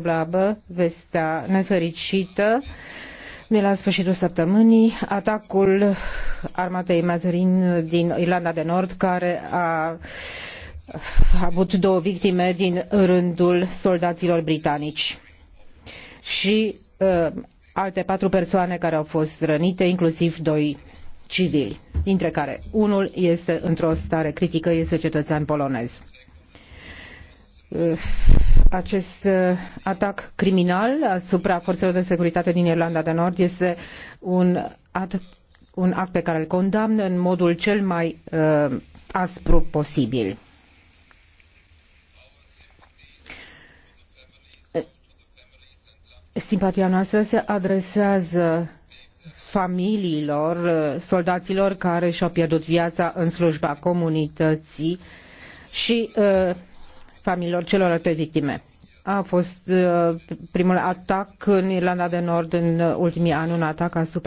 slabă, vestea nefericită de la sfârșitul săptămânii, atacul armatei Mazarin din Irlanda de Nord, care a avut două victime din rândul soldaților britanici și uh, alte patru persoane care au fost rănite, inclusiv doi civili, dintre care unul este într-o stare critică, este cetățean polonez. Eh, acest eh, atac criminal asupra forțelor de securitate din Irlanda de Nord este un act, un act pe care îl condamn în modul cel mai uh, aspru posibil. Simpatia noastră se adresează familiilor soldaților care și-au pierdut viața în slujba comunității și uh, familiilor celorlalte victime. A fost uh, primul atac în Irlanda de Nord în uh, ultimii ani, un atac asupra